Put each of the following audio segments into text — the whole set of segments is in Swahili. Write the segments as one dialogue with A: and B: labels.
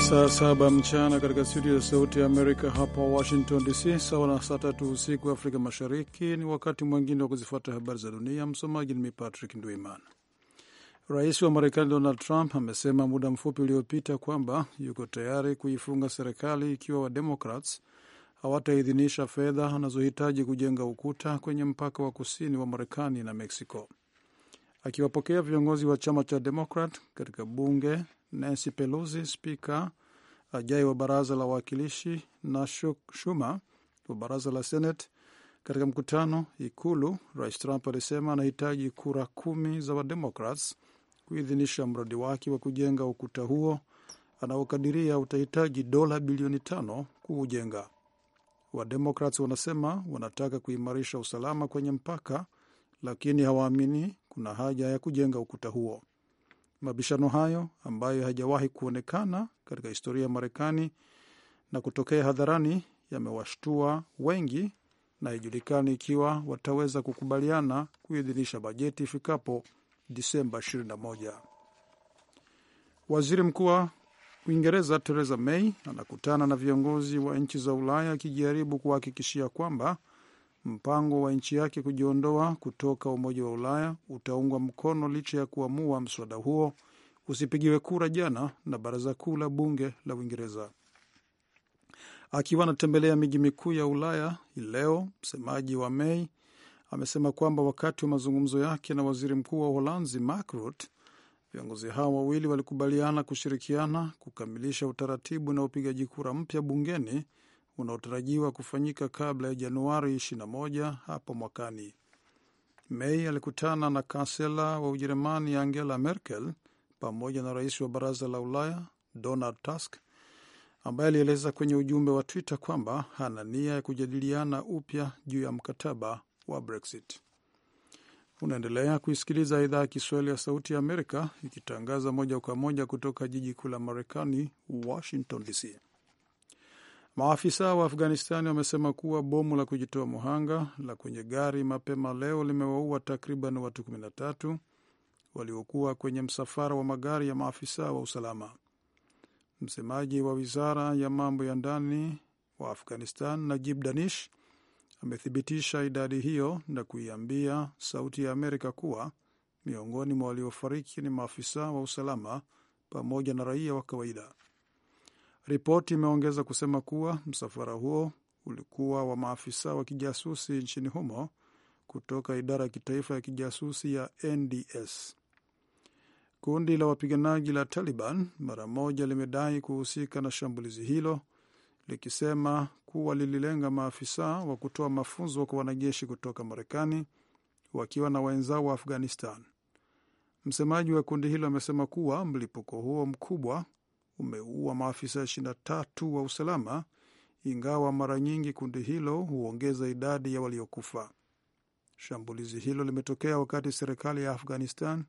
A: saa saba mchana katika studio ya Sauti ya Amerika hapa Washington DC, sawa na saa tatu usiku Afrika Mashariki. Ni wakati mwingine wa kuzifuata habari za dunia. Msomaji ni mimi Patrick Ndwiman. Rais wa Marekani Donald Trump amesema muda mfupi uliopita kwamba yuko tayari kuifunga serikali ikiwa Wademokrats hawataidhinisha fedha anazohitaji kujenga ukuta kwenye mpaka wa kusini wa Marekani na Mexico. Akiwapokea viongozi wa chama cha Demokrat katika bunge Nancy Pelosi, spika ajai wa baraza la wawakilishi, na Schumer wa baraza la Senate. Katika mkutano Ikulu, Rais Trump alisema anahitaji kura kumi za Wademokrats kuidhinisha mradi wake wa kujenga ukuta huo anaokadiria utahitaji dola bilioni tano kuujenga. Wademokrats wanasema wanataka kuimarisha usalama kwenye mpaka, lakini hawaamini kuna haja ya kujenga ukuta huo. Mabishano hayo ambayo hajawahi kuonekana katika historia ya Marekani na kutokea hadharani yamewashtua wengi na haijulikani ikiwa wataweza kukubaliana kuidhinisha bajeti ifikapo Disemba 21. Waziri Mkuu wa Uingereza Theresa May anakutana na viongozi wa nchi za Ulaya akijaribu kuhakikishia kwamba Mpango wa nchi yake kujiondoa kutoka Umoja wa Ulaya utaungwa mkono licha ya kuamua mswada huo usipigiwe kura jana na Baraza Kuu la Bunge la Uingereza. Akiwa anatembelea miji mikuu ya Ulaya leo, msemaji wa May amesema kwamba wakati wa mazungumzo yake na waziri mkuu wa Uholanzi Mark Rutte, viongozi hao wawili walikubaliana kushirikiana kukamilisha utaratibu na upigaji kura mpya bungeni unaotarajiwa kufanyika kabla ya Januari 21 hapo mwakani. Mei alikutana na kansela wa Ujerumani Angela Merkel pamoja na rais wa baraza la Ulaya Donald Tusk ambaye alieleza kwenye ujumbe wa Twitter kwamba hana nia ya kujadiliana upya juu ya mkataba wa Brexit. Unaendelea kuisikiliza idhaa ya Kiswahili ya Sauti ya Amerika ikitangaza moja kwa moja kutoka jiji kuu la Marekani, Washington DC. Maafisa wa Afghanistani wamesema kuwa bomu la kujitoa muhanga la kwenye gari mapema leo limewaua takriban watu 13 waliokuwa kwenye msafara wa magari ya maafisa wa usalama. Msemaji wa wizara ya mambo ya ndani wa Afghanistan, Najib Danish, amethibitisha idadi hiyo na kuiambia Sauti ya Amerika kuwa miongoni mwa waliofariki ni maafisa wa usalama pamoja na raia wa kawaida. Ripoti imeongeza kusema kuwa msafara huo ulikuwa wa maafisa wa kijasusi nchini humo kutoka idara ya kitaifa ya kijasusi ya NDS. Kundi la wapiganaji la Taliban mara moja limedai kuhusika na shambulizi hilo likisema kuwa lililenga maafisa wa kutoa mafunzo kwa wanajeshi kutoka Marekani wakiwa na wenzao wa Afghanistan. Msemaji wa kundi hilo amesema kuwa mlipuko huo mkubwa umeua maafisa 23 wa usalama, ingawa mara nyingi kundi hilo huongeza idadi ya waliokufa. Shambulizi hilo limetokea wakati serikali ya Afghanistan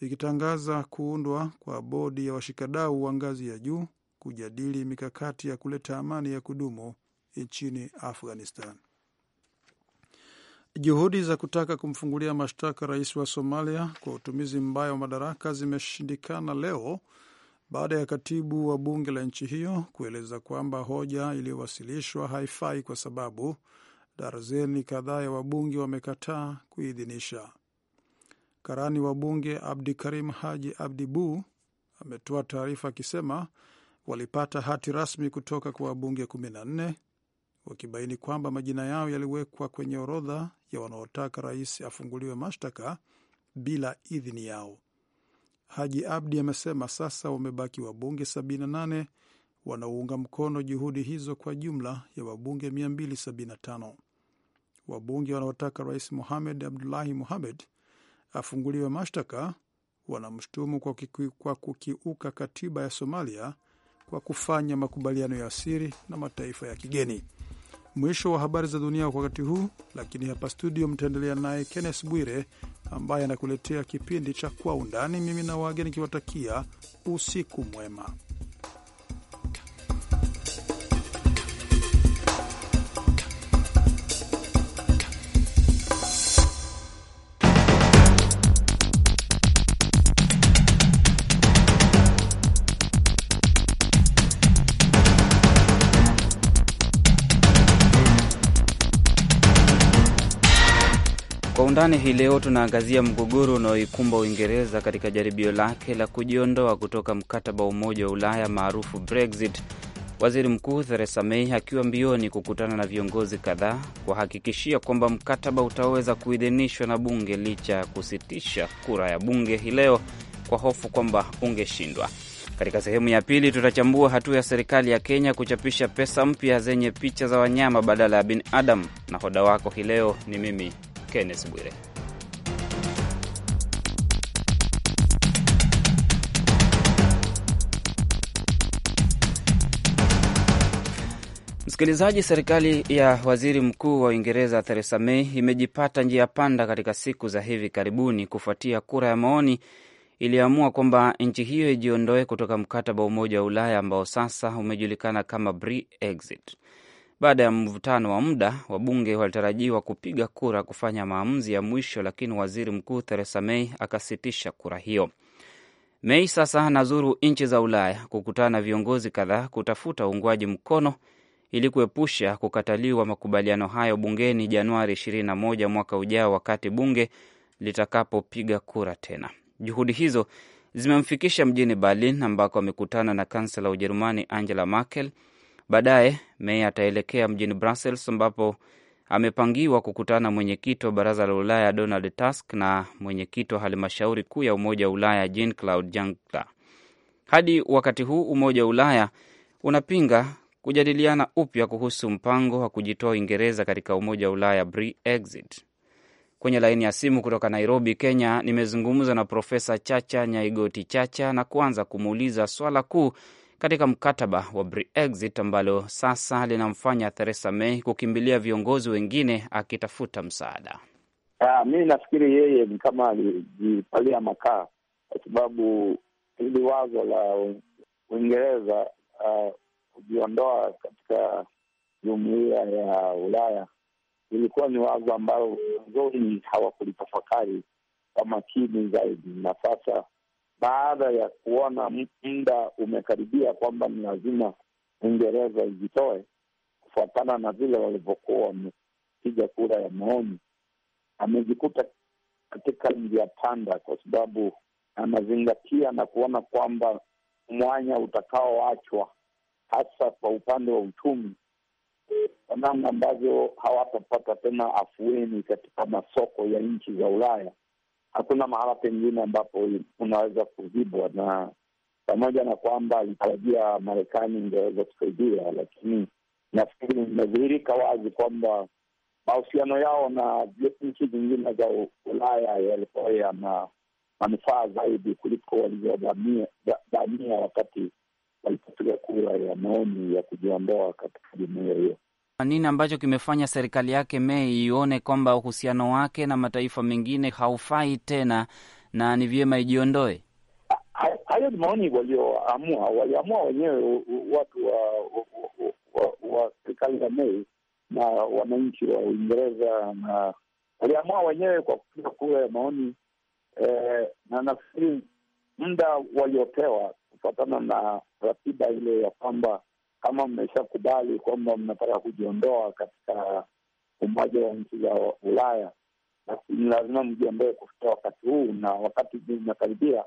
A: ikitangaza kuundwa kwa bodi ya washikadau wa ngazi ya juu kujadili mikakati ya kuleta amani ya kudumu nchini Afghanistan. Juhudi za kutaka kumfungulia mashtaka rais wa Somalia kwa utumizi mbaya wa madaraka zimeshindikana leo baada ya katibu wa bunge la nchi hiyo kueleza kwamba hoja iliyowasilishwa haifai kwa sababu darzeni kadhaa ya wabunge wamekataa kuidhinisha. Karani wa bunge Abdi Karim Haji Abdi Bu ametoa taarifa akisema walipata hati rasmi kutoka kwa wabunge 14 wakibaini kwamba majina yao yaliwekwa kwenye orodha ya wanaotaka rais afunguliwe mashtaka bila idhini yao. Haji Abdi amesema sasa wamebaki wabunge 78 wanaounga mkono juhudi hizo kwa jumla ya wabunge 275. Wabunge wanaotaka Rais Mohamed Abdullahi Mohamed afunguliwe mashtaka wanamshutumu kwa, kwa kukiuka katiba ya Somalia kwa kufanya makubaliano ya siri na mataifa ya kigeni. Mwisho wa habari za dunia kwa wakati huu, lakini hapa studio mtaendelea naye Kenneth Bwire ambaye anakuletea kipindi cha Kwa Undani. Mimi na wageni nikiwatakia usiku mwema.
B: undani hii leo tunaangazia mgogoro unaoikumba Uingereza katika jaribio lake la kujiondoa kutoka mkataba wa Umoja wa Ulaya maarufu Brexit, waziri mkuu Theresa May akiwa mbioni kukutana na viongozi kadhaa kuhakikishia kwamba mkataba utaweza kuidhinishwa na bunge licha ya kusitisha kura ya bunge hii leo kwa hofu kwamba ungeshindwa. Katika sehemu ya pili tutachambua hatua ya serikali ya Kenya kuchapisha pesa mpya zenye picha za wanyama badala ya binadamu, na hoda wako hii leo ni mimi Kenneth Bwire. Msikilizaji, serikali ya waziri mkuu wa Uingereza Theresa May imejipata njia panda katika siku za hivi karibuni kufuatia kura ya maoni iliyoamua kwamba nchi hiyo ijiondoe kutoka mkataba wa Umoja wa Ulaya ambao sasa umejulikana kama Brexit. Baada ya mvutano wa muda, wabunge walitarajiwa kupiga kura kufanya maamuzi ya mwisho, lakini waziri mkuu Theresa May akasitisha kura hiyo. mei sasa anazuru nchi za Ulaya kukutana na viongozi kadhaa kutafuta uungwaji mkono ili kuepusha kukataliwa makubaliano hayo bungeni Januari 21 mwaka ujao, wakati bunge litakapopiga kura tena. Juhudi hizo zimemfikisha mjini Berlin ambako amekutana na kansela wa Ujerumani Angela Merkel Baadaye Mei ataelekea mjini Brussels ambapo amepangiwa kukutana mwenyekiti wa baraza la Ulaya Donald Tusk na mwenyekiti wa halmashauri kuu ya Umoja wa Ulaya Jean Claude Juncker. Hadi wakati huu Umoja wa Ulaya unapinga kujadiliana upya kuhusu mpango wa kujitoa Uingereza katika Umoja wa Ulaya Brexit. Kwenye laini ya simu kutoka Nairobi, Kenya, nimezungumza na Profesa Chacha Nyaigoti Chacha na kuanza kumuuliza swala kuu katika mkataba wa Brexit ambalo sasa linamfanya Theresa May kukimbilia viongozi wengine akitafuta msaada.
C: Ah, mi nafikiri yeye ni kama alijipalia makaa, kwa sababu hili wazo la Uingereza ah, kujiondoa uh, katika jumuiya ya Ulaya ilikuwa ni wazo ambalo mwanzoni hawakulitafakari kwa makini zaidi, na sasa baada ya kuona muda umekaribia kwamba ni lazima Uingereza ijitoe kufuatana na vile walivyokuwa wamepiga kura ya maoni, amejikuta katika njia panda, kwa sababu anazingatia na kuona kwamba mwanya utakaoachwa hasa kwa upande wa uchumi, kwa namna ambavyo hawatapata tena afueni katika masoko ya nchi za Ulaya hakuna mahala pengine ambapo unaweza kuzibwa, na pamoja na kwamba alitarajia Marekani ingeweza kusaidia, lakini nafikiri imedhihirika wazi kwamba mahusiano yao na nchi zingine za Ulaya yalikuwa yana manufaa zaidi kuliko walivyodhania wakati walipopiga kura ya maoni ya kujiondoa katika jumuia hiyo.
B: Nini ambacho kimefanya serikali yake Mei ione kwamba uhusiano wake na mataifa mengine haufai tena na ni vyema ijiondoe?
C: Hayo ni maoni walioamua, waliamua wenyewe watu wa, wa, serikali ya Mei na wananchi wa Uingereza na waliamua wenyewe kwa kupiga kura ya maoni eh, na nafikiri muda waliopewa kufuatana na ratiba ile ya kwamba kama mmeshakubali kwamba mnataka kujiondoa katika umoja wa nchi za Ulaya, basi ni lazima mjiondoe kufikia wakati huu, na wakati unakaribia.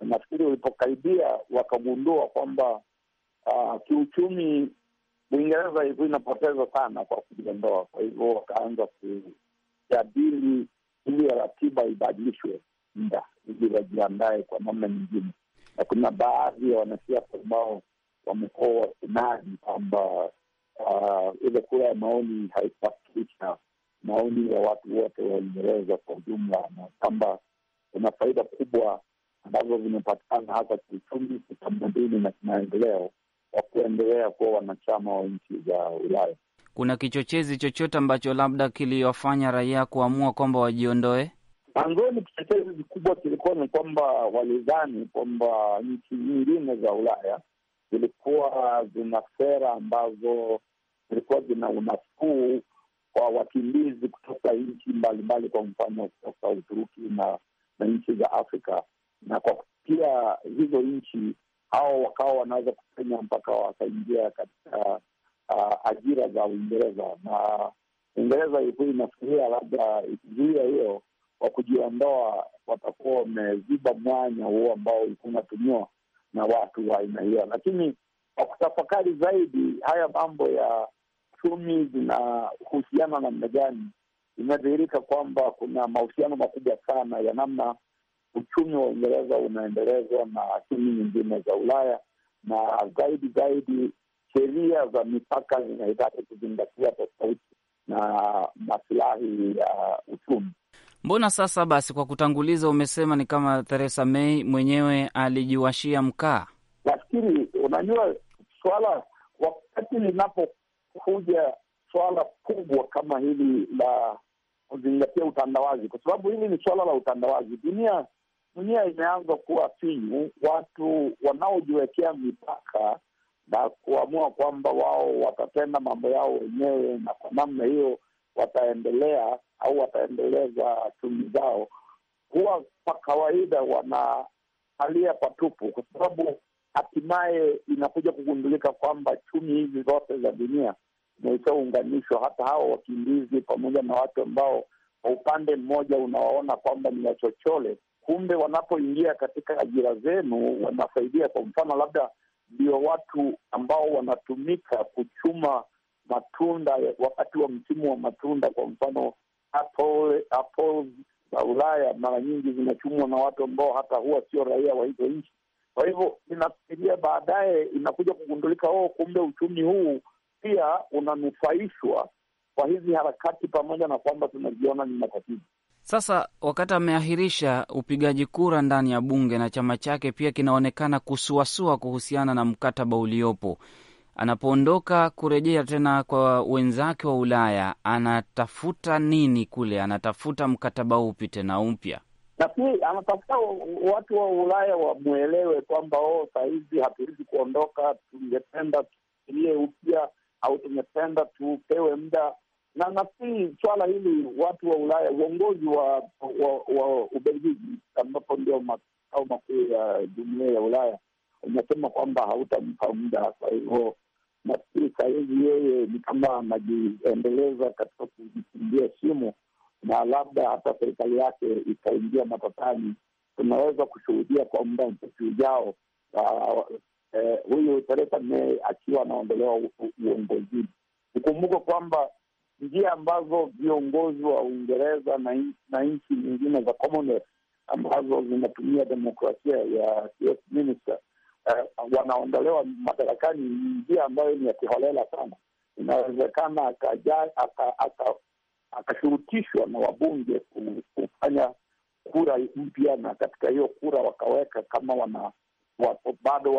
C: Nafikiri ulipokaribia wakagundua kwamba uh, kiuchumi Uingereza ilikuwa inapoteza sana kwa kujiondoa. Kwa hivyo wakaanza kujadili ili ya ratiba ibadilishwe muda ili wajiandae kwa namna nyingine, na kuna baadhi ya wanasiasa ambao wa mkoa wa Sumari kwamba uh, ile kura ya maoni haikuwakilisha maoni ya watu wote wa Uingereza kwa ujumla, na kwamba kuna faida kubwa ambazo zimepatikana hasa kiuchumi, kitamaduni na kimaendeleo wa kuendelea kuwa wanachama wa nchi za Ulaya.
B: Kuna kichochezi chochote ambacho labda kiliwafanya raia kuamua kwamba wajiondoe?
C: Mwanzoni kichochezi kikubwa kilikuwa ni kwamba walidhani kwamba nchi nyingine za Ulaya zilikuwa zina sera ambazo zilikuwa zina unafuu kwa wakimbizi kutoka nchi mbalimbali, kwa mfano kutoka Uturuki na, na nchi za Afrika, na kwa kupitia hizo nchi hao wakawa wanaweza kupenya mpaka wakaingia katika uh, ajira za Uingereza na Uingereza ilikuwa inafikiria labda ikizuia hiyo kwa kujiondoa, watakuwa wameziba mwanya huo ambao ulikuwa unatumiwa na watu wa aina hiyo. Lakini kwa kutafakari zaidi, haya mambo ya chumi zinahusiana namna gani, inadhihirika kwamba kuna mahusiano makubwa sana ya namna uchumi wa Uingereza unaendelezwa na chumi nyingine za Ulaya, na zaidi zaidi sheria za mipaka zinahitaji kuzingatia tofauti na masilahi ya uchumi.
B: Mbona sasa basi, kwa kutanguliza umesema ni kama Theresa May mwenyewe alijiwashia mkaa.
C: Lakini unajua, swala wakati linapokuja swala kubwa kama hili la kuzingatia utandawazi, kwa sababu hili ni swala la utandawazi. Dunia dunia imeanza kuwa finyu, watu wanaojiwekea mipaka na kuamua kwamba wao watatenda mambo yao wenyewe, na kwa namna hiyo wataendelea au wataendeleza shughuli zao, huwa kwa kawaida wanahalia patupu, kwa sababu hatimaye inakuja kugundulika kwamba chumi hizi zote za dunia zimeshaunganishwa. Hata hao wakimbizi pamoja na watu ambao kwa upande mmoja unawaona kwamba ni wachochole, kumbe wanapoingia katika ajira zenu wanasaidia. Kwa mfano, labda ndio watu ambao wanatumika kuchuma matunda wakati wa msimu wa matunda, kwa mfano Apple, Apple za Ulaya mara nyingi zinachumwa na watu ambao hata huwa sio raia wa hizo nchi. Kwa hivyo inafikiria baadaye inakuja kugundulika, oo, oh, kumbe uchumi huu pia unanufaishwa kwa hizi harakati, pamoja na kwamba tunajiona ni matatizo.
B: Sasa wakati ameahirisha upigaji kura ndani ya bunge na chama chake pia kinaonekana kusuasua kuhusiana na mkataba uliopo anapoondoka kurejea tena kwa wenzake wa Ulaya, anatafuta nini kule? Anatafuta mkataba upi tena mpya?
C: Nafikiri anatafuta watu wa Ulaya wamwelewe kwamba oo, oh, sahizi hatuwezi kuondoka, tungependa tufikirie upya au tungependa tupewe muda. Na nafikiri swala hili watu wa Ulaya, uongozi wa wa, wa Ubelgiji ambapo ndio makao makuu ya jumuia ya Ulaya umesema kwamba hautampa muda, kwa hivyo nafikiri sahizi yeye ni kama anajiendeleza katika kujichimbia shimo, na labda hata serikali yake itaingia matatani. Tunaweza kushuhudia kwa muda mfupi ujao ah, eh, huyu Theresa May akiwa anaondolewa uongozini. Ukumbuke kwamba njia ambazo viongozi wa Uingereza na nchi nyingine za Commonwealth ambazo zinatumia demokrasia ya uh, wanaondolewa madarakani ni njia ambayo ni ya kiholela sana. Inawezekana akashurutishwa na wabunge kufanya kura mpya, na katika hiyo kura wakaweka kama wana wapo, bado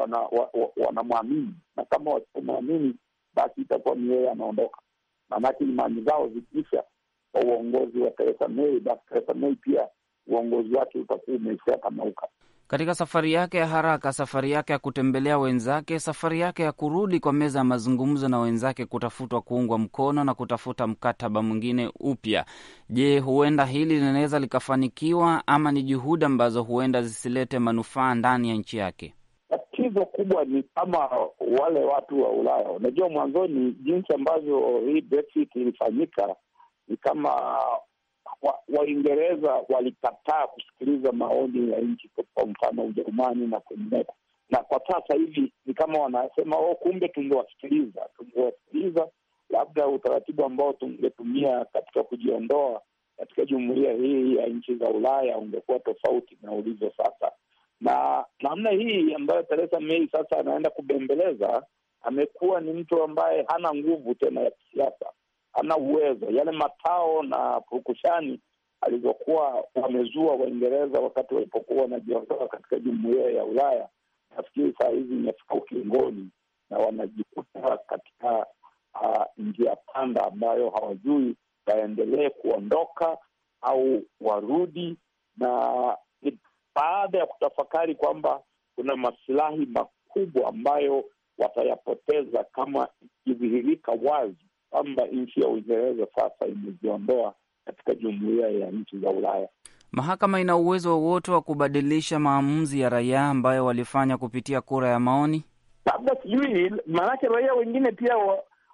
C: wanamwamini wana na kama wasipomwamini basi itakuwa ni yeye anaondoka. Maanake imani zao zikiisha kwa uongozi wa Theresa May, basi Theresa May pia uongozi wake utakuwa umeshatamauka
B: katika safari yake ya haraka, safari yake ya kutembelea wenzake, safari yake ya kurudi kwa meza ya mazungumzo na wenzake, kutafutwa kuungwa mkono na kutafuta mkataba mwingine upya. Je, huenda hili linaweza likafanikiwa ama ni juhudi ambazo huenda zisilete manufaa ndani ya nchi yake?
C: Tatizo kubwa ni kama wale watu wa Ulaya. Unajua, mwanzoni jinsi ambavyo hii Brexit ilifanyika ni kama Waingereza wa walikataa kusikiliza maoni ya nchi kwa mfano Ujerumani na kwengineko, na kwa sasa hivi ni kama wanasema o, oh, kumbe tungewasikiliza, tungewasikiliza, labda utaratibu ambao tungetumia katika kujiondoa katika jumuiya hii ya nchi za Ulaya ungekuwa tofauti na ulivyo sasa. Na namna hii ambayo Theresa May sasa anaenda kubembeleza, amekuwa ni mtu ambaye hana nguvu tena ya kisiasa hana uwezo. Yale matao na purukushani alizokuwa wamezua Waingereza wakati walipokuwa wanajiondoa katika jumuiya ya Ulaya, nafikiri saa hizi imefika ukingoni na wanajikuta katika uh, njia panda ambayo hawajui waendelee kuondoka au warudi, na baada ya kutafakari kwamba kuna masilahi makubwa ambayo watayapoteza kama ikidhihirika wazi kwamba nchi ya Uingereza sasa imejiondoa katika jumuiya ya nchi za Ulaya.
B: Mahakama ina uwezo wowote wa kubadilisha maamuzi ya raia ambayo walifanya kupitia kura ya maoni? Labda sijui,
C: maanake raia wengine pia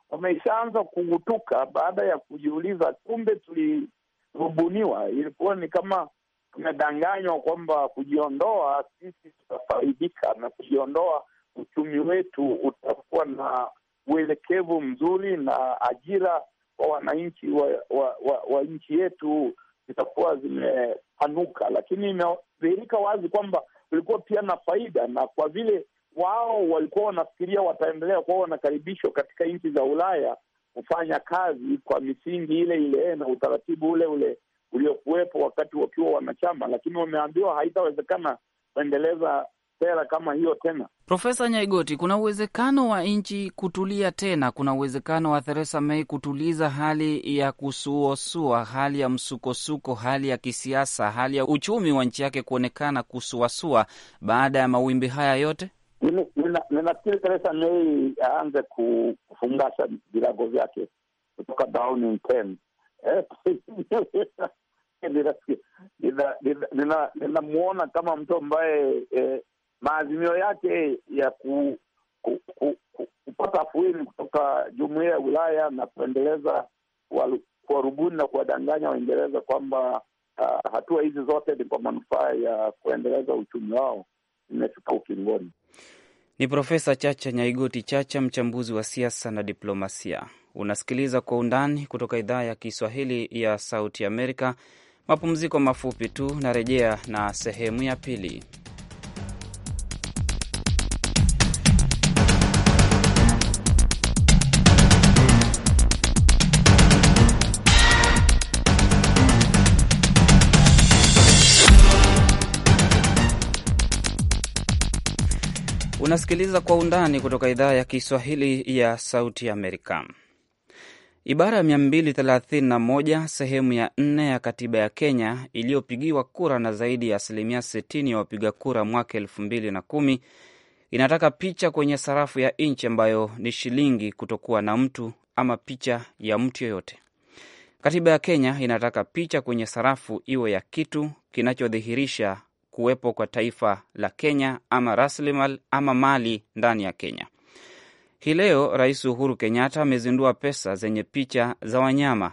C: wameshaanza wa kugutuka baada ya kujiuliza, kumbe tulirubuniwa. Ilikuwa ni kama tumedanganywa kwamba kujiondoa sisi tutafaidika na kujiondoa uchumi wetu utakuwa na uelekevu mzuri na ajira kwa wananchi wa, wa, wa, wa nchi yetu zitakuwa zimepanuka, lakini imedhihirika wazi kwamba kulikuwa pia na faida, na kwa vile wao walikuwa wanafikiria wataendelea kuwa wanakaribishwa katika nchi za Ulaya kufanya kazi kwa misingi ile ile na utaratibu ule ule uliokuwepo wakati wakiwa wanachama, lakini wameambiwa haitawezekana kuendeleza sera kama hiyo tena.
B: Profesa Nyaigoti, kuna uwezekano wa nchi kutulia tena? Kuna uwezekano wa Theresa May kutuliza hali ya kusuosua hali ya msukosuko, hali ya kisiasa, hali ya uchumi wa nchi yake kuonekana kusuasua baada ya mawimbi haya yote?
C: Ninafikiri Theresa May aanze kufungasha virago vyake kutoka Downing Ten. Ninamwona kama mtu ambaye eh, maazimio yake ya ku, ku, ku, ku, kupata afueni kutoka jumuia ya Ulaya na kuendeleza kuwarubuni na kuwadanganya Waingereza kwamba uh, hatua hizi zote ni kwa manufaa ya kuendeleza uchumi wao imefika ukingoni.
B: Ni Profesa Chacha Nyaigoti Chacha, mchambuzi wa siasa na diplomasia. Unasikiliza Kwa Undani kutoka idhaa ya Kiswahili ya Sauti Amerika. Mapumziko mafupi tu, narejea na sehemu ya pili. Unasikiliza kwa undani kutoka idhaa ya Kiswahili ya Sauti Amerika. Ibara ya 231 sehemu ya nne ya katiba ya Kenya iliyopigiwa kura na zaidi ya asilimia 60 ya wapiga kura mwaka 2010 inataka picha kwenye sarafu ya nchi ambayo ni shilingi kutokuwa na mtu ama picha ya mtu yoyote. Katiba ya Kenya inataka picha kwenye sarafu iwe ya kitu kinachodhihirisha kuwepo kwa taifa la Kenya ama rasilimali ama mali ndani ya Kenya. Hii leo Rais Uhuru Kenyatta amezindua pesa zenye picha za wanyama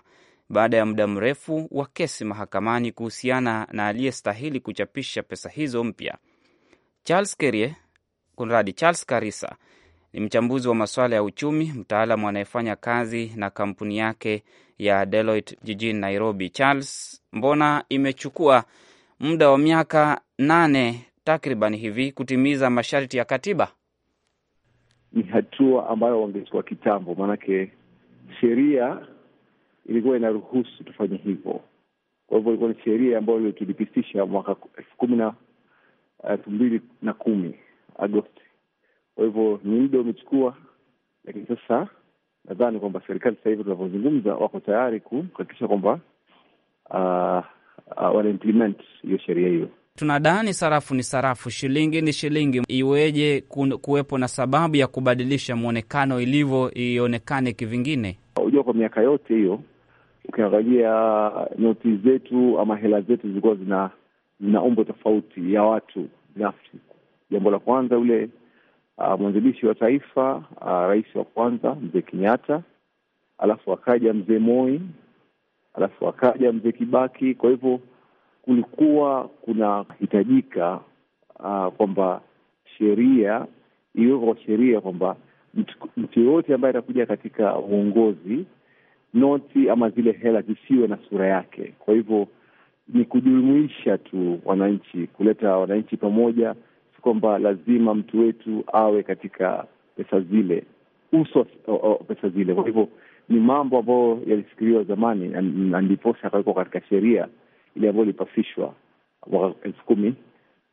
B: baada ya muda mrefu wa kesi mahakamani kuhusiana na aliyestahili kuchapisha pesa hizo mpya. Charles Kerie, kunradi, Charles Karisa ni mchambuzi wa masuala ya uchumi, mtaalamu anayefanya kazi na kampuni yake ya Deloitte jijini Nairobi. Charles, mbona imechukua muda wa miaka nane takriban hivi kutimiza masharti ya katiba?
D: Ni hatua ambayo wangechukua kitambo, maanake sheria ilikuwa inaruhusu tufanye hivyo. Kwa hivyo ilikuwa ni sheria ambayo tulipitisha mwaka elfu kumi na elfu mbili na kumi Agosti. Kwa hivyo ni muda umechukua, lakini sasa nadhani kwamba serikali sasa hivi tunavyozungumza, wako tayari kuhakikisha kwamba uh, Uh, wana implement hiyo sheria hiyo.
B: Tunadani sarafu ni sarafu, shilingi ni shilingi. Iweje kuwepo na sababu ya kubadilisha mwonekano ilivyo ionekane kivingine? Hujua, kwa miaka yote hiyo ukiangalia
D: noti zetu ama hela zetu zilikuwa zina zina umbo tofauti ya watu binafsi. Jambo la kwanza, yule uh, mwanzilishi wa taifa uh, rais wa kwanza mzee Kenyatta, alafu akaja mzee Moi alafu akaja mzee Kibaki. Kwa hivyo kulikuwa kunahitajika uh, kwamba sheria iwekwa kwa sheria kwamba mtu yoyote ambaye atakuja katika uongozi, noti ama zile hela zisiwe na sura yake. Kwa hivyo ni kujumuisha tu wananchi, kuleta wananchi pamoja, si kwamba lazima mtu wetu awe katika pesa zile uso pesa zile. Kwa hivyo ni mambo ambayo yalifikiriwa zamani na ndiposa yakawekwa katika sheria ile ambayo ilipasishwa mwaka elfu kumi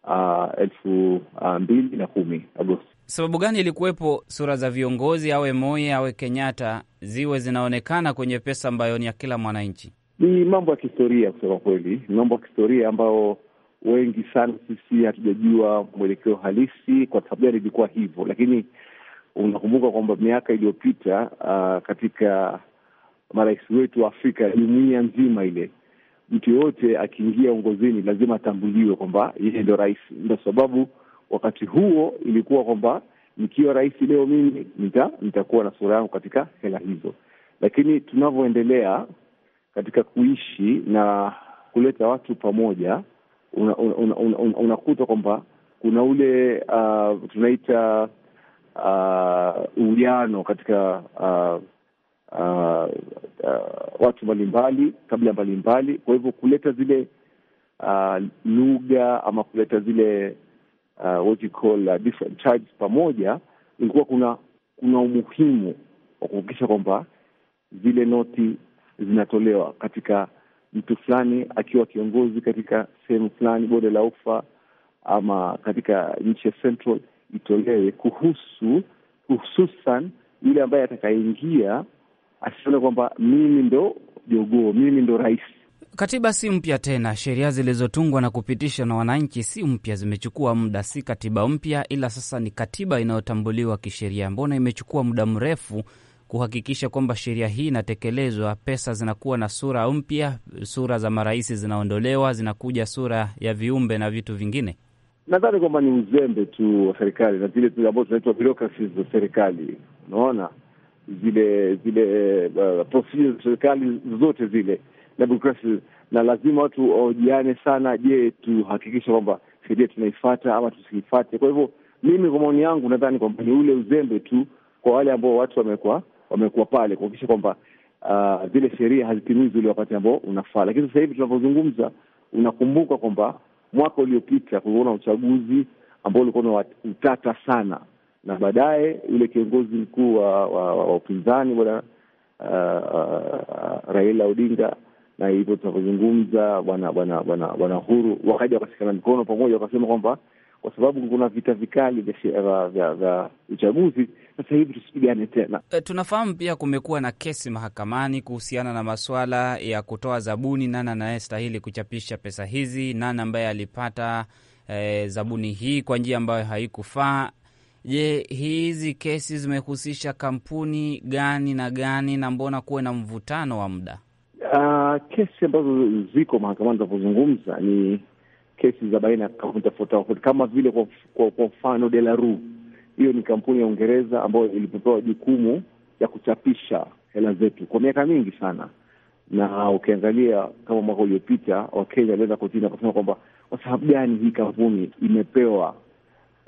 D: uh, elfu uh, mbili na kumi Agosti.
B: Sababu gani ilikuwepo sura za viongozi awe Moi awe Kenyatta ziwe zinaonekana kwenye pesa ambayo ni ya kila mwananchi?
D: Ni mambo ya kihistoria, kusema kweli, ni mambo ya kihistoria ambayo wengi sana sisi hatujajua mwelekeo halisi kwa sababu gani ilikuwa hivyo, lakini Unakumbuka kwamba miaka iliyopita uh, katika marais wetu wa Afrika, jumuia nzima ile, mtu yoyote akiingia uongozini lazima atambuliwe kwamba yeye ndo rais. Ndo sababu wakati huo ilikuwa kwamba nikiwa rais leo mimi nita, nitakuwa na sura yangu katika hela hizo, lakini tunavyoendelea katika kuishi na kuleta watu pamoja, unakuta una, una, una, una kwamba kuna ule uh, tunaita Uh, uwiano uh, katika uh, uh, uh, watu mbalimbali, kabila mbalimbali. Kwa hivyo kuleta zile uh, lugha ama kuleta zile uh, what you call, uh, different tribes pamoja, ilikuwa kuna kuna umuhimu wa kuhakikisha kwamba zile noti zinatolewa katika mtu fulani akiwa kiongozi katika sehemu fulani, bonde la Ufa ama katika nchi ya Central itolewe kuhusu hususan yule ambaye atakaingia asione kwamba mimi ndo jogoo, mimi
B: ndo rais. Katiba si mpya tena, sheria zilizotungwa na kupitishwa na wananchi si mpya, zimechukua muda. Si katiba mpya, ila sasa ni katiba inayotambuliwa kisheria. Mbona imechukua muda mrefu kuhakikisha kwamba sheria hii inatekelezwa? Pesa zinakuwa na sura mpya, sura za marahisi zinaondolewa, zinakuja sura ya viumbe na vitu vingine
D: nadhani kwamba ni uzembe tu wa serikali na zile ambazo zinaitwa bureaucracies za serikali, unaona zile zile eh, uh, procedures za serikali zote zile na bureaucracies, na lazima watu waojiane sana. Je, tuhakikishe kwamba sheria tunaifata ama tusiifate? Kwa hivyo mimi, kwa maoni yangu, nadhani kwamba ni ule uzembe tu kwa wale ambao watu wamekuwa wamekuwa pale kuhakikisha kwamba uh, zile sheria hazitimizi ule wakati ambao unafaa. Lakini sasa hivi tunavyozungumza, unakumbuka kwamba mwaka uliopita kulikuwa na uchaguzi ambao ulikuwa na utata sana, na baadaye yule kiongozi mkuu wa upinzani bwana uh, uh, Raila Odinga na hivyo tunavyozungumza, bwana bwana bwana Uhuru wakaja wakasikana mikono pamoja, wakasema kwamba kwa sababu kuna vita vikali vya uchaguzi sasa hivi, tusipigane tena.
B: Eh, tunafahamu pia kumekuwa na kesi mahakamani kuhusiana na maswala ya kutoa zabuni, nani anayestahili kuchapisha pesa hizi, nani ambaye alipata e, zabuni hii kwa njia ambayo haikufaa. Je, hizi kesi zimehusisha kampuni gani na gani, na mbona kuwe na mvutano wa muda?
D: Uh, kesi ambazo ziko mahakamani kuzungumza ni kesi za baina ya kampuni tofauti tofauti, kama vile kwa mfano Delaru. Hiyo ni kampuni ya Uingereza ambayo ilipopewa jukumu ya kuchapisha hela zetu kwa miaka mingi sana, na ukiangalia kama mwaka uliopita Wakenya waliweza kotini wakasema kwamba kwa sababu gani hii kampuni imepewa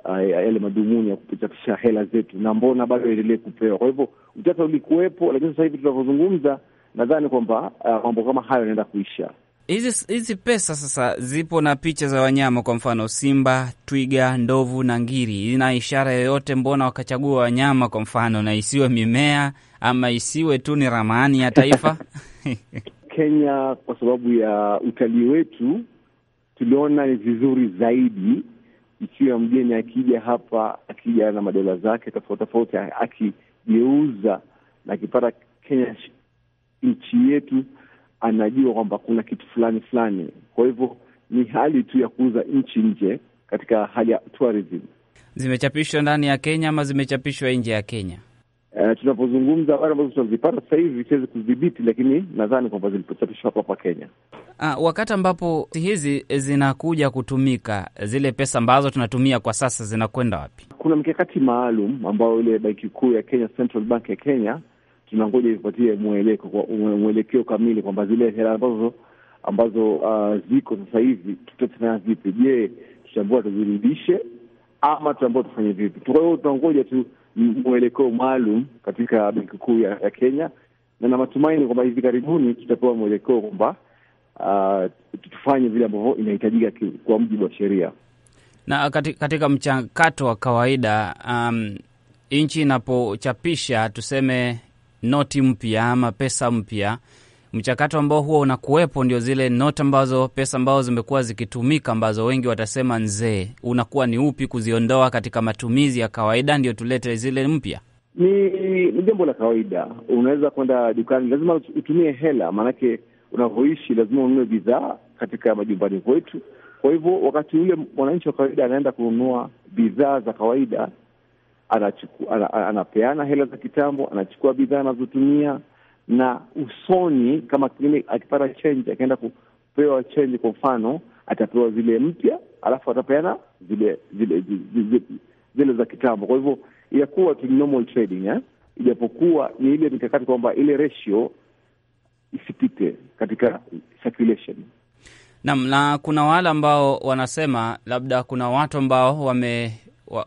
D: uh, yale madhumuni ya kuchapisha hela zetu na mbona bado aendelee kupewa? Kwa hivyo utata ulikuwepo, lakini sasa hivi tunavyozungumza, nadhani kwamba uh, mambo kama hayo yanaenda kuisha.
B: Hizi hizi pesa sasa zipo na picha za wanyama, kwa mfano simba, twiga, ndovu na ngiri. Ina ishara yoyote? Mbona wakachagua wanyama kwa mfano na isiwe mimea ama isiwe tu ni ramani ya taifa?
D: Kenya, kwa sababu ya utalii wetu, tuliona ni vizuri zaidi ikiwa mgeni akija hapa, akija na madola zake tofauti tofauti, akijeuza na akipata Kenya nchi yetu anajua kwamba kuna kitu fulani fulani. Kwa hivyo ni hali tu ya kuuza nchi nje katika hali ya tourism.
B: Zimechapishwa ndani ya Kenya ama zimechapishwa nje ya Kenya?
D: Uh, tunapozungumza habari ambazo tunazipata sasa hivi siwezi kudhibiti, lakini nadhani kwamba zilipochapishwa hapa hapa Kenya.
B: Ah, wakati ambapo hizi zinakuja kutumika, zile pesa ambazo tunatumia kwa sasa zinakwenda wapi?
D: Kuna mikakati maalum ambayo ile benki kuu ya Kenya, Central Bank ya Kenya tunangoja ipatie mwelekeo kamili kwamba zile hela ambazo ambazo uh, ziko sasa hivi tutafanya vipi? Je, tutambua tuzirudishe ama tutambua tufanye vipi? Kwa hiyo tunangoja tu mwelekeo maalum katika benki kuu ya, ya Kenya, na na matumaini kwamba hivi karibuni tutapewa mwelekeo kwamba uh, tufanye vile ambavyo inahitajika kwa mujibu wa sheria
B: na katika mchakato wa kawaida um, nchi inapochapisha tuseme noti mpya ama pesa mpya. Mchakato ambao huwa unakuwepo ndio zile noti ambazo, pesa ambazo zimekuwa zikitumika, ambazo wengi watasema nzee, unakuwa ni upi kuziondoa katika matumizi ya kawaida, ndio tulete zile mpya.
D: Ni, ni jambo la kawaida. Unaweza kwenda dukani, lazima utumie hela, maanake unavyoishi lazima ununue bidhaa katika majumbani kwetu. Kwa hivyo wakati ule mwananchi wa kawaida anaenda kununua bidhaa za kawaida ana, anapeana hela za kitambo, anachukua bidhaa anazotumia, na usoni kama kingine akipata chenji, akaenda kupewa chenji, kwa mfano atapewa zile mpya, alafu atapeana zile zile zile, zile, zile za kitambo. Kwa hivyo iyakuwa tu normal trading eh? Ijapokuwa ni ile mikakati kwamba ile ratio isipite katika circulation.
B: Naam, na kuna wale ambao wanasema labda kuna watu ambao wame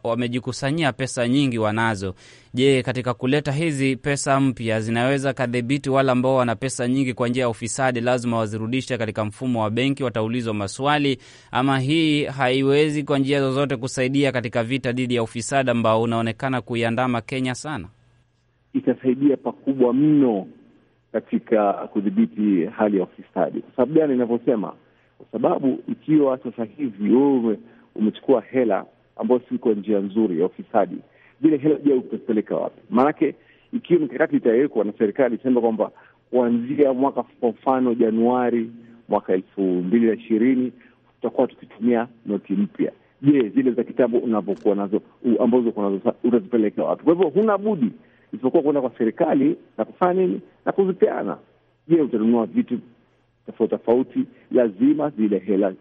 B: wamejikusanyia pesa nyingi wanazo. Je, katika kuleta hizi pesa mpya zinaweza kadhibiti wale ambao wana pesa nyingi kwa njia ya ufisadi? Lazima wazirudishe katika mfumo wa benki, wataulizwa maswali. Ama hii haiwezi kwa njia zozote kusaidia katika vita dhidi ya ufisadi ambao unaonekana kuiandama Kenya sana?
D: Itasaidia pakubwa mno katika kudhibiti hali ya ufisadi. Kwa sababu gani ninavyosema? Kwa sababu ikiwa sasa hivi wewe umechukua hela ambayo si kwa njia nzuri ya ufisadi, vile hela je, utapeleka wapi? Maanake ikiwa mikakati itawekwa na serikali sema kwamba kuanzia mwaka, kwa mfano Januari mwaka elfu mbili na ishirini tutakuwa tukitumia noti mpya. Je, zile za kitabu unavyokuwa nazo ambazo uko nazo utazipeleka wapi? Kwa hivyo huna budi isipokuwa kuenda kwa serikali na kufanya nini na kuzipeana. Je, utanunua vitu tofauti tofauti, lazima zile hela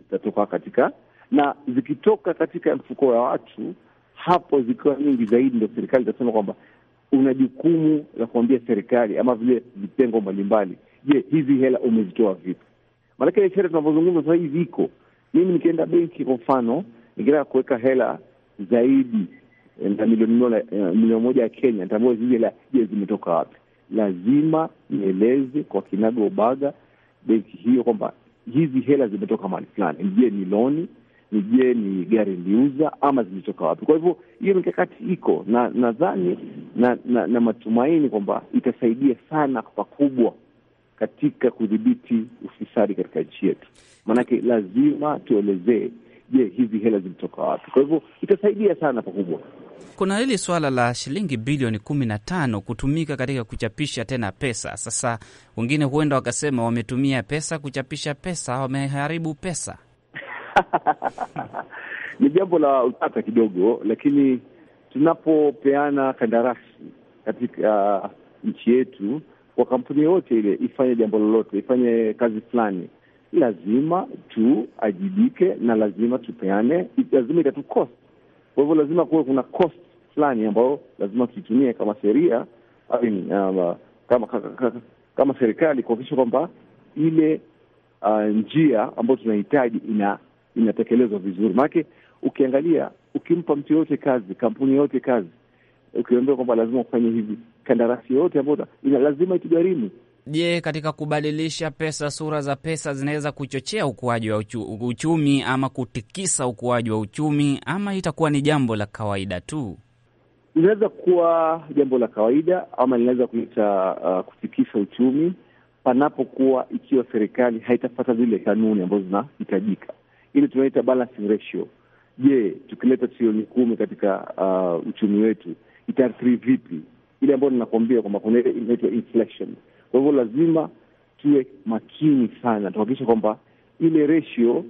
D: zitatoka katika na zikitoka katika mfuko wa watu hapo zikiwa nyingi zaidi, ndo serikali itasema kwamba una jukumu la kuambia serikali ama vile vitengo mbalimbali, je, hizi hela umezitoa vipi? Maanake ile sheria tunavyozungumza sasa hivi iko, mimi nikienda benki kwa mfano, nikitaka kuweka hela zaidi eh, na eh, milioni moja ya Kenya, nitambua hizi hela, je, zimetoka wapi? Lazima nieleze kwa kinaga ubaga benki hiyo kwamba hizi hela zimetoka mahali fulani. Je, ni loni ni je, ni gari iliuza ama zilitoka wapi? Kwa hivyo hiyo mikakati iko na nadhani na, na, na matumaini kwamba itasaidia sana pakubwa katika kudhibiti ufisadi katika nchi yetu, maanake lazima tuelezee, je, hizi hela zilitoka wapi? Kwa hivyo itasaidia sana pakubwa.
B: Kuna hili swala la shilingi bilioni kumi na tano kutumika katika kuchapisha tena pesa. Sasa wengine huenda wakasema wametumia pesa kuchapisha pesa, wameharibu pesa.
D: ni jambo la utata kidogo, lakini tunapopeana kandarasi katika uh, nchi yetu kwa kampuni yoyote ile ifanye jambo lolote, ifanye kazi fulani, lazima tuajibike na lazima tupeane, lazima itatu cost. Kwa hivyo lazima kuwe kuna cost fulani ambayo lazima tuitumie kama sheria um, kama, kama, kama serikali kuhakikisha kwamba ile uh, njia ambayo tunahitaji ina inatekelezwa vizuri. Maanake ukiangalia, ukimpa mtu yoyote kazi, kampuni yoyote kazi, ukiambia kwamba lazima ufanye hivi, kandarasi yoyote ambayo ina lazima itugharimu.
B: Je, katika kubadilisha pesa, sura za pesa zinaweza kuchochea ukuaji wa uchu, uchumi ama kutikisa ukuaji wa uchumi, ama itakuwa ni jambo la kawaida tu?
D: Linaweza kuwa jambo la kawaida ama linaweza kuita uh, kutikisa uchumi panapokuwa, ikiwa serikali haitafata zile kanuni ambazo zinahitajika ile tunaita balancing ratio. Je, tukileta trilioni kumi katika uh, uchumi wetu itaathiri vipi? Ile ambayo ninakuambia kwamba kuna ile inaitwa inflation. Kwa hivyo lazima tuwe makini sana tuhakikisha kwamba ile ratio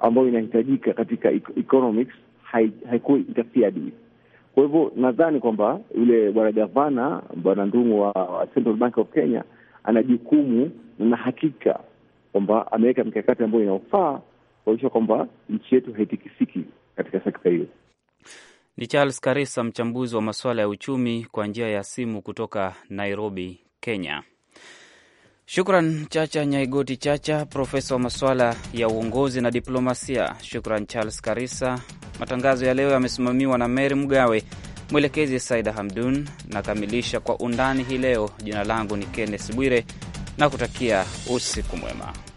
D: ambayo inahitajika katika economics haikuwa interfered with. Kwa hivyo nadhani kwamba yule bwana gavana bwana Ndung'u wa Central Bank of Kenya ana jukumu na hakika kwamba ameweka mikakati ambayo inaofaa kuonyesha kwamba nchi yetu haitikisiki katika sekta hiyo.
B: Ni Charles Karisa, mchambuzi wa masuala ya uchumi, kwa njia ya simu kutoka Nairobi, Kenya. Shukran Chacha Nyaigoti Chacha, profesa wa masuala ya uongozi na diplomasia. Shukran Charles Karisa. Matangazo ya leo yamesimamiwa na Mary Mgawe, mwelekezi Saida Hamdun. Nakamilisha kwa undani hii leo. Jina langu ni Kenneth Bwire na kutakia usiku mwema.